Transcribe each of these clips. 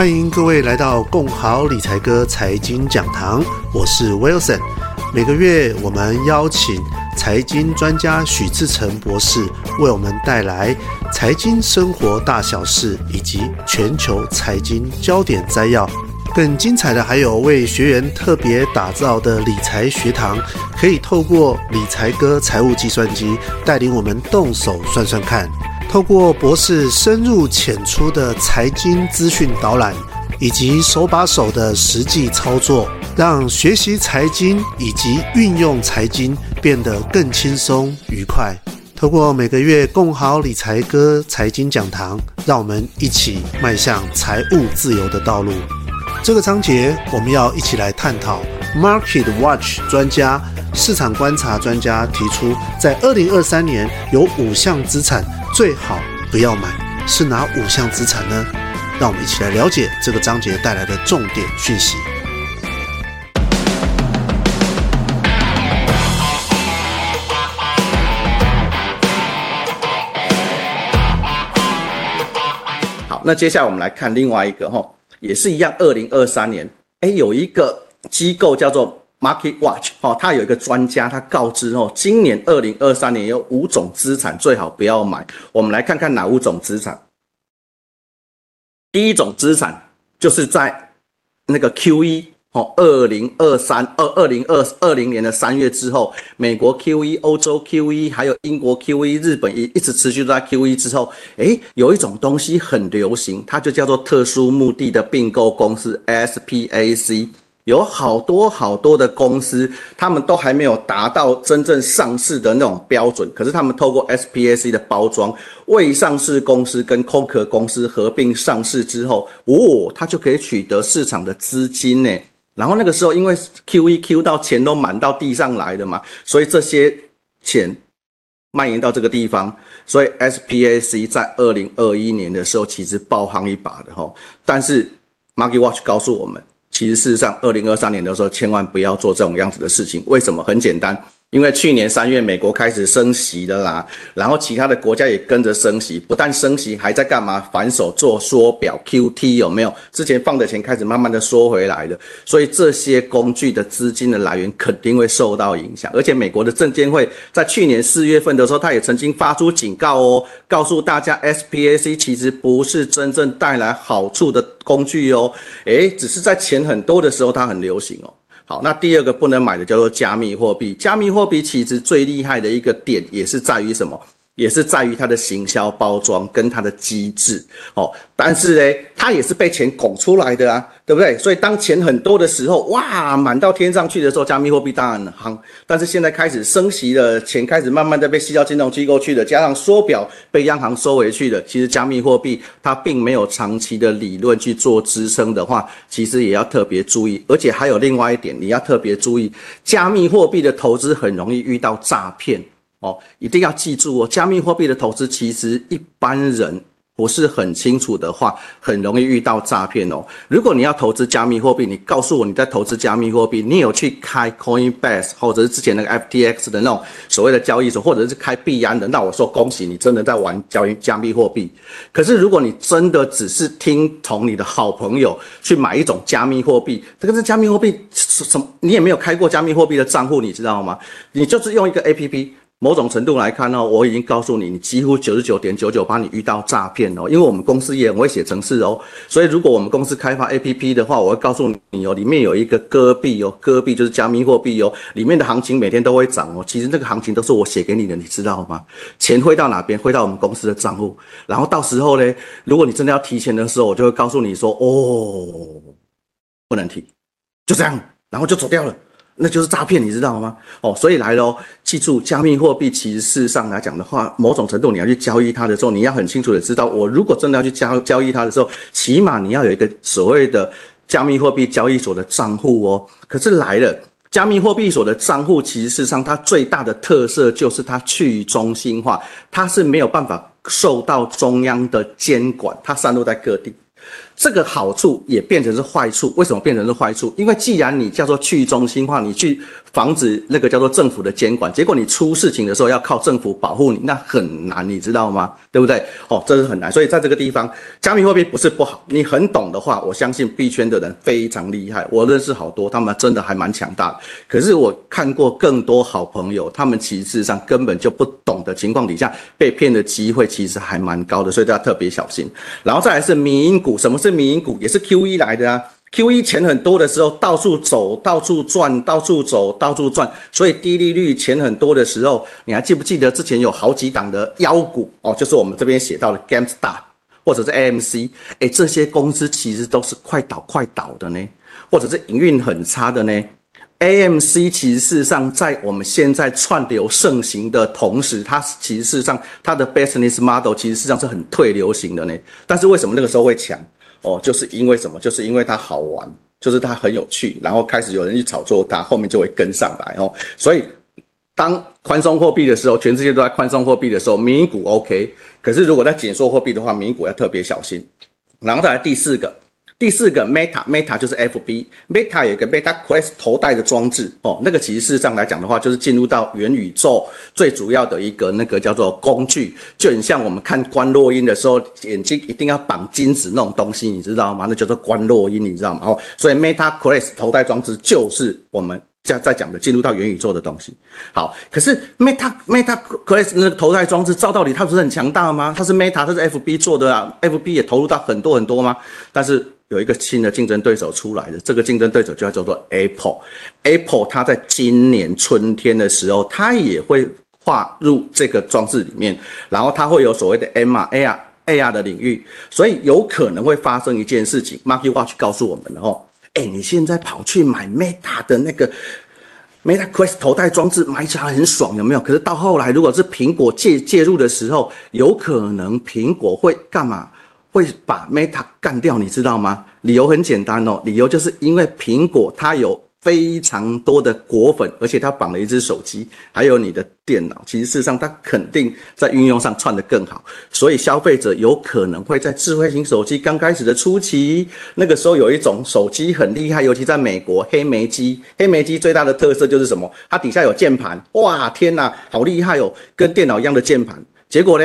歡迎各位來到共好理財鴿財經講堂，我是 Wilson。每個月我們邀請財經專家許志誠博士為我們帶來財經生活大小事以及全球財經焦點摘要。更精彩的還有為學員特別打造的理財學堂，可以透過理財鴿財務計算機帶領我們動手算算看。透過博士深入淺出的財經資訊導覽，以及手把手的實際操作，讓學習財經以及運用財經變得更輕鬆愉快。透過每個月共好理財鴿財經講堂，讓我們一起邁向財務自由的道路。這個章節，我們要一起來探討 MarketWatch 專家。市場觀察專家提出，在二零二三年有五項資產最好不要買，是哪五項資產呢？讓我們一起來了解這個章節帶來的重點訊息。好，那接下來我們來看另外一個吼，也是一樣，二零二三年，誒，有一個機構叫做。Market Watch 哈、哦，他有一個專家，他告知哦，今年二零二三年有五種資產最好不要買。我們來看看哪五種資產。第一種資產就是在那個 Q E 哈、哦，二零二三二二零二二零年的三月之後，美國 Q E、歐洲 Q E、還有英國 Q E、日本也一直持續在 Q E 之後，誒，有一種東西很流行，它就叫做特殊目的的併購公司 SPAC。SP AC, 有好多好多的公司，他們都還沒有達到真正上市的那種標準，可是他們透過 SPAC 的包裝，未上市公司跟空殼公司合併上市之後，哦，它就可以取得市場的資金呢。然後那個時候，因為 Q E Q 到錢都滿到地上來的嘛，所以這些錢蔓延到這個地方，所以 SPAC 在二零二一年的時候其實爆夯一把的哈、哦。但是 MarketWatch 告訴我們。其實，事實上，二零二三年的時候，千萬不要做這種樣子的事情。為什麼？很簡單，因為去年三月美國開始升息的啦，然後其他的國家也跟着升息，不但升息，還在幹嘛？反手做縮表、QT，有沒有？之前放的錢開始慢慢的縮回來了，所以這些工具的資金的來源肯定會受到影響。而且，美國的證監會在去年四月份的時候，他也曾經發出警告哦，告訴大家 SPAC 其實不是真正帶來好處的。工具哦，哎，只是在錢很多的時候，它很流行哦。好，那第二個不能買的叫做加密貨幣。加密貨幣其實最厲害的一個點也是在於什麼？也是在於它的行銷包裝跟它的機制哦，但是呢，它也是被錢拱出來的啊，對不對？所以當錢很多的時候，哇，滿到天上去的時候，加密貨幣當然夯。但是現在開始升息了，錢開始慢慢的被吸到金融機構去了，加上縮表被央行收回去了，其實加密貨幣它並沒有長期的理論去做支撐的話，其實也要特別注意。而且還有另外一點，你要特別注意，加密貨幣的投資很容易遇到詐騙。哦，一定要記住哦！加密貨幣的投資，其實一般人不是很清楚的話，很容易遇到詐騙哦。如果你要投資加密貨幣，你告訴我你在投資加密貨幣，你有去開 Coinbase 或者是之前那個 FTX 的那種所謂的交易所，或者是開幣安的，那我說恭喜你，真的在玩交易加密貨幣。可是如果你真的只是聽從你的好朋友去買一種加密貨幣，這個是加密貨幣，什麼，你也沒有開過加密貨幣的賬戶，你知道嗎？你就是用一個 APP。某種程度來看呢、哦，我已經告訴你，你幾乎九十九點九九八，你遇到詐騙哦。因為我們公司也很會寫程式哦，所以如果我們公司開發 APP 的話，我會告訴你，哦，裡面有一個戈幣哦，戈幣就是加密貨幣哦，裡面的行情每天都會漲哦。其實這個行情都是我寫給你的，你知道嗎？錢匯到哪邊？匯到我們公司的賬戶。然後到時候呢，如果你真的要提錢的時候，我就會告訴你說哦，不能提，就這樣，然後就走掉了。那就是詐騙，你知道嗎？哦，所以來咯哦，記住，加密貨幣其實事實上來講的話，某種程度你要去交易它的時候，你要很清楚的知道，我如果真的要去交交易它的時候，起碼你要有一個所謂的加密貨幣交易所的賬戶哦。可是來了，加密貨幣所的賬戶其實事實上它最大的特色就是它去中心化，它是沒有辦法受到中央的監管，它散落在各地。這個好處也變成是壞處，為什麼變成是壞處？因為既然你叫做去中心化，你去防止那個叫做政府的監管，結果你出事情的時候要靠政府保護你，那很難，你知道嗎？對不對？哦，這是很難。所以在這個地方，加密貨幣不是不好，你很懂的話，我相信幣圈的人非常厲害，我認識好多，他們真的還蠻強大的。可是我看過更多好朋友，他們其實事實上根本就不懂的情況底下，被騙的機會其實還蠻高的，所以大家特別小心。然後再來是民營股，什麼是？是民營股也是 QE 來的啊，QE 錢很多的時候，到處走，到處賺，到處走，到處賺。所以低利率、錢很多的時候，你還記不記得之前有好幾檔的妖股哦？就是我們這邊寫到的 Gamestar，或者是 AMC，哎，這些公司其實都是快倒快倒的呢，或者是營運很差的呢。AMC 其實事實上，在我們現在串流盛行的同時，它其實事實上它的 business model 其實事實上是很退流行的呢。但是為什麼那個時候會強？哦，就是因為什麼？就是因為它好玩，就是它很有趣，然後開始有人去炒作它，後面就會跟上來哦。所以，當寬鬆貨幣的時候，全世界都在寬鬆貨幣的時候，迷因股 OK。可是，如果在緊縮貨幣的話，迷因股要特別小心。然後再來第四個。第四個 Meta Meta 就是 F B Meta 有一個 Meta Quest 頭戴的裝置哦，那個其實事實上來講的話，就是進入到元宇宙最主要的一個那個叫做工具，就很像我們看觀落陰的時候，眼睛一定要綁金紙那種東西，你知道嗎？那叫做觀落陰，你知道嗎？哦，所以 Meta Quest 頭戴裝置就是我們現在在講的進入到元宇宙的東西。好，可是 Meta Meta Quest 那個頭戴裝置，照道理它不是很強大嗎？它是 Meta，它是 F B 做的啊，F B 也投入到很多很多嗎？但是。有一個新的競爭對手出來的，這個競爭對手就要叫做 Apple。Apple 它在今年春天的時候，它也會跨入這個裝置裡面，然後它會有所謂的 M R A R A R 的領域，所以有可能會發生一件事情。MarketWatch 告訴我們了哦，哎，你現在跑去買 Meta 的那個 Meta Quest 頭戴裝置，買起來很爽，有沒有？可是到後來，如果是蘋果介介入的時候，有可能蘋果會幹嘛？會把 Meta 干掉，你知道嗎？理由很簡單哦，理由就是因為蘋果它有非常多的果粉，而且它綁了一隻手機，還有你的電腦。其實事實上，它肯定在運用上串得更好，所以消費者有可能會在智慧型手機剛開始的初期，那個時候有一種手機很厲害，尤其在美國，黑莓機。黑莓機最大的特色就是什麼？它底下有鍵盤，哇天哪，好厲害哦，跟電腦一樣的鍵盤。結果呢，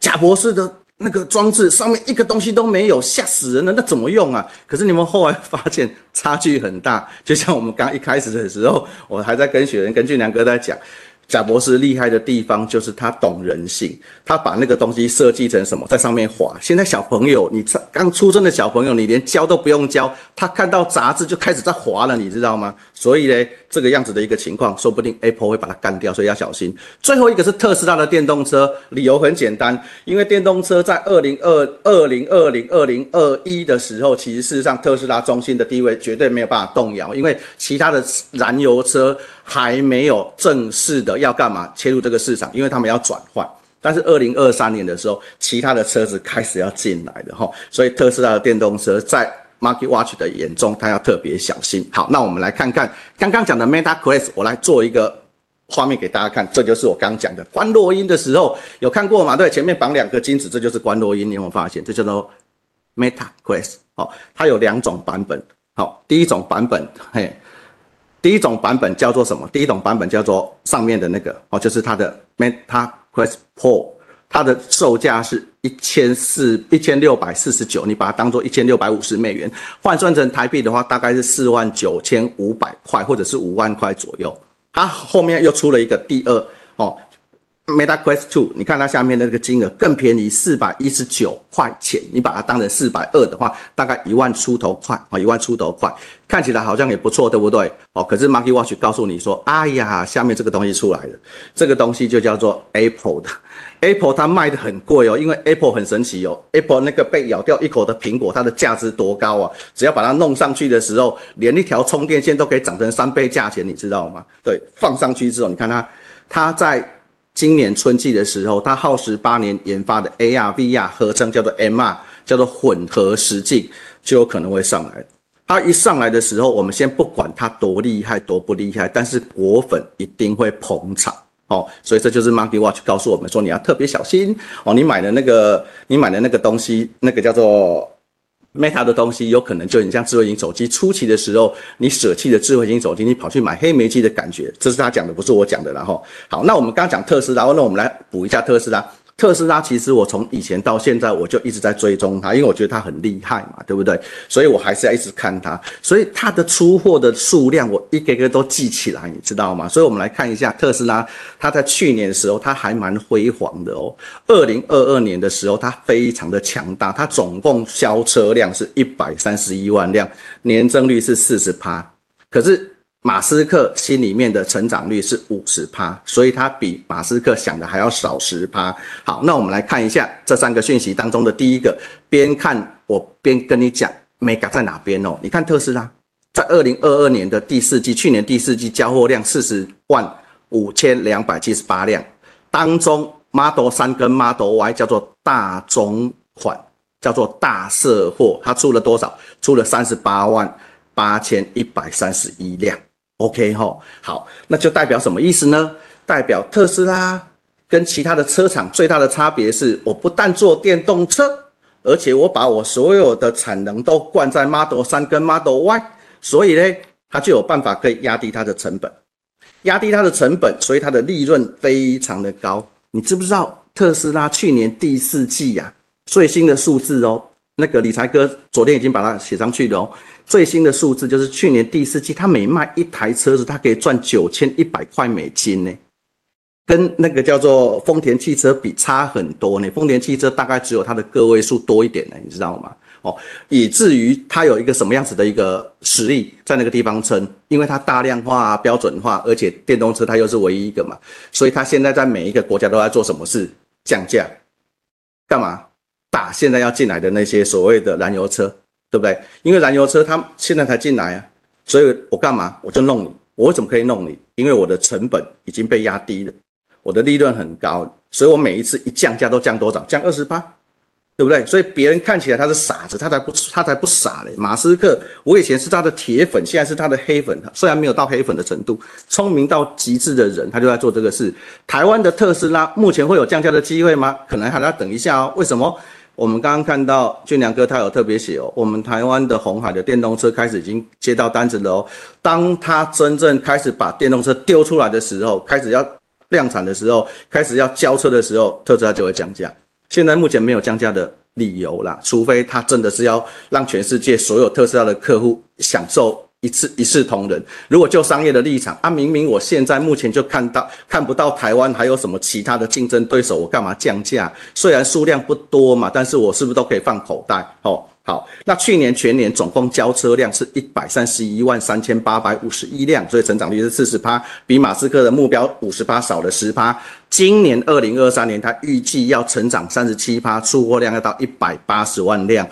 賈博士的。那個裝置上面一個東西都沒有，嚇死人了！那怎麼用啊？可是你們後來發現差距很大，就像我們剛剛一開始的時候，我還在跟雪人、跟俊良哥在講，賈博士厲害的地方就是他懂人性，他把那個東西設計成什麼，在上面滑。現在小朋友，你剛出生的小朋友，你連教都不用教，他看到雜誌就開始在滑了，你知道嗎？所以勒，這個樣子的一個情況，說不定 Apple 會把它幹掉，所以要小心。最後一個是特斯拉的電動車，理由很簡單，因為電動車在二零二二零二零二零二一的時候，其實事實上特斯拉中心的地位絕對沒有辦法動搖，因為其他的燃油車還沒有正式的要幹嘛切入這個市場，因為他們要轉換。但是二零二三年的時候，其他的車子開始要進來了哈，所以特斯拉的電動車在。market watch 的眼中，他要特別小心。好，那我們來看看剛剛講的 Meta Quest，我來做一個畫面給大家看。這就是我剛講的關落音的時候有看過嗎？對，前面綁兩個金子，這就是關落音。你有沒有發現這叫做 Meta Quest，哦。好，它有兩種版本。好，哦，第一種版本，嘿，第一種版本叫做什麼？第一種版本叫做上面的那個哦，就是它的 Meta Quest Pro，它的售價是。一千四一千六百四十九，14, 49, 你把它當做一千六百五十美元，換算成台幣的話，大概是四萬九千五百塊，或者是五萬塊左右。它、啊、後面又出了一個第二哦。Meta Quest 2，你看它下面的那個金額更便宜，四百一十九塊錢。你把它當成四百二的話，大概一萬出頭塊啊，一萬出頭塊，看起來好像也不錯，對不對？哦，可是 MarketWatch 告訴你說，哎呀，下面這個東西出來了，這個東西就叫做 Apple 的。Apple 它賣得很貴哦，因為 Apple 很神奇哦。Apple 那個被咬掉一口的蘋果，它的價值多高啊？只要把它弄上去的時候，連一條充電線都可以漲成三倍價錢，你知道嗎？對，放上去之後，你看它，它在。今年春季的時候，它耗時八年研發的 AR VR 合成，叫做 MR，叫做混合實境，就有可能會上來。它一上來的時候，我們先不管它多厲害、多不厲害，但是果粉一定會捧場哦。所以這就是 MarketWatch 告訴我們說，你要特別小心哦。你買的那個，你買的那個東西，那個叫做。Meta 的東西有可能就很像智慧型手機初期的時候，你捨棄了智慧型手機，你跑去買黑莓機的感覺。這是他講的，不是我講的。然後，好，那我們剛講特斯拉，那我們來補一下特斯拉。特斯拉其實，我從以前到現在，我就一直在追蹤它，因為我覺得它很厲害嘛，對不對？所以我還是要一直看它。所以它的出貨的數量，我一個一個都記起來，你知道嗎？所以我們來看一下特斯拉，它在去年的時候，它還蠻輝煌的哦。二零二二年的時候，它非常的強大，它總共銷車量是一百三十一萬輛，年增率是四十趴。可是馬斯克心裡面的成長率是五十趴，所以他比馬斯克想的還要少十趴。好，那我們來看一下這三個訊息當中的第一個。邊看我邊跟你講，Mega 在哪邊哦？你看特斯拉、啊、在二零二二年的第四季，去年第四季交貨量四十萬五千兩百七十八輛，當中 Model 三跟 Model Y 叫做大中款，叫做大色貨，它出了多少？出了三十八萬八千一百三十一輛。OK 哈，好，那就代表什麼意思呢？代表特斯拉跟其他的車廠最大的差別是，我不但做電動車，而且我把我所有的產能都灌在 Model 3跟 Model Y，所以咧，它就有辦法可以壓低它的成本，壓低它的成本，所以它的利潤非常的高。你知不知道特斯拉去年第四季呀，最新的數字哦？那個理財哥昨天已經把它寫上去了哦。最新的數字就是去年第四季，他每賣一台車子，他可以賺九千一百塊美金呢，跟那個叫做豐田汽車比差很多呢。豐田汽車大概只有它的個位數多一點呢，你知道嗎？哦，以至於它有一個什麼樣子的一個實力在那個地方撐，因為它大量化、標準化，而且電動車它又是唯一一個嘛，所以它現在在每一個國家都在做什麼事？降價，幹嘛？打現在要進來的那些所謂的燃油車，對不對？因為燃油車他現在才進來啊，所以我幹嘛？我就弄你，我怎麼可以弄你？因為我的成本已經被壓低了，我的利潤很高，所以我每一次一降價都降多少？降二十八，對不對？所以別人看起來他是傻子，他才不，他才不傻嘞。馬斯克，我以前是他的鐵粉，現在是他的黑粉，雖然沒有到黑粉的程度，聰明到極致的人他就在做這個事。台灣的特斯拉目前會有降價的機會嗎？可能還要等一下哦。為什麼？我們剛剛看到俊良哥，他有特別寫哦，我們台灣的鴻海的電動車開始已經接到單子了哦。當他真正開始把電動車丟出來的時候，開始要量產的時候，開始要交車的時候，特斯拉就會降價。現在目前沒有降價的理由啦，除非他真的是要讓全世界所有特斯拉的客戶享受，一次一視同仁。如果就商業的立場啊，明明我現在目前就看到看不到台灣還有什麼其他的競爭對手，我幹嘛降價？雖然數量不多嘛，但是我是不是都可以放口袋？哦，好。那去年全年總共交車量是一百三十一萬三千八百五十一輛，所以成長率是四十趴，比馬斯克的目標五十趴少了十趴。今年二零二三年，他預計要成長三十七趴，出貨量要到一百八十萬輛。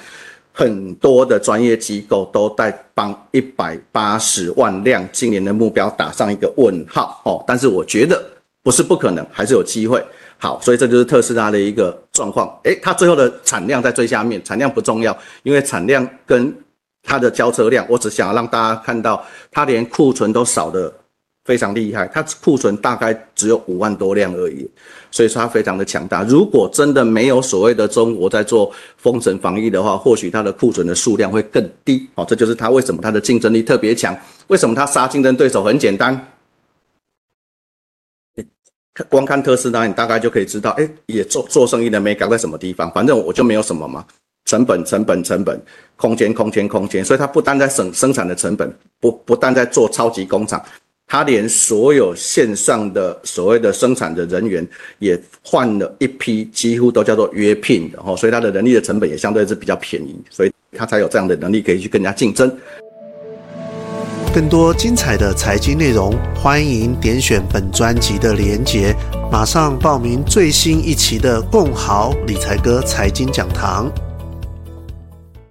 很多的專業機構都在幫一百八十萬輛今年的目標打上一個問號哦，但是我覺得不是不可能，還是有機會。好，所以這就是特斯拉的一個狀況。誒，它最後的產量在最下面，產量不重要，因為產量跟它的交車量，我只想要讓大家看到它連庫存都少了。非常厲害，它庫存大概只有五萬多輛而已，所以說它非常的強大。如果真的沒有所謂的中國在做封城防疫的話，或許它的庫存的數量會更低。好，哦，這就是它為什麼它的競爭力特別強，為什麼它殺競爭對手很簡單，看光看特斯拉，你大概就可以知道，哎，也做做生意的沒搞在什麼地方。反正我就沒有什麼嘛，成本、成本、成本，空間、空間、空間。所以它不單在省生產的成本，不不單在做超級工廠。他連所有線上的所謂的生產的人員也換了一批，幾乎都叫做約聘然後，所以他的人力的成本也相對是比較便宜，所以他才有這樣的能力可以去跟人家競爭。更多精彩的財經內容，歡迎點選本專輯的連結，馬上報名最新一期的共好理財鴿財經講堂。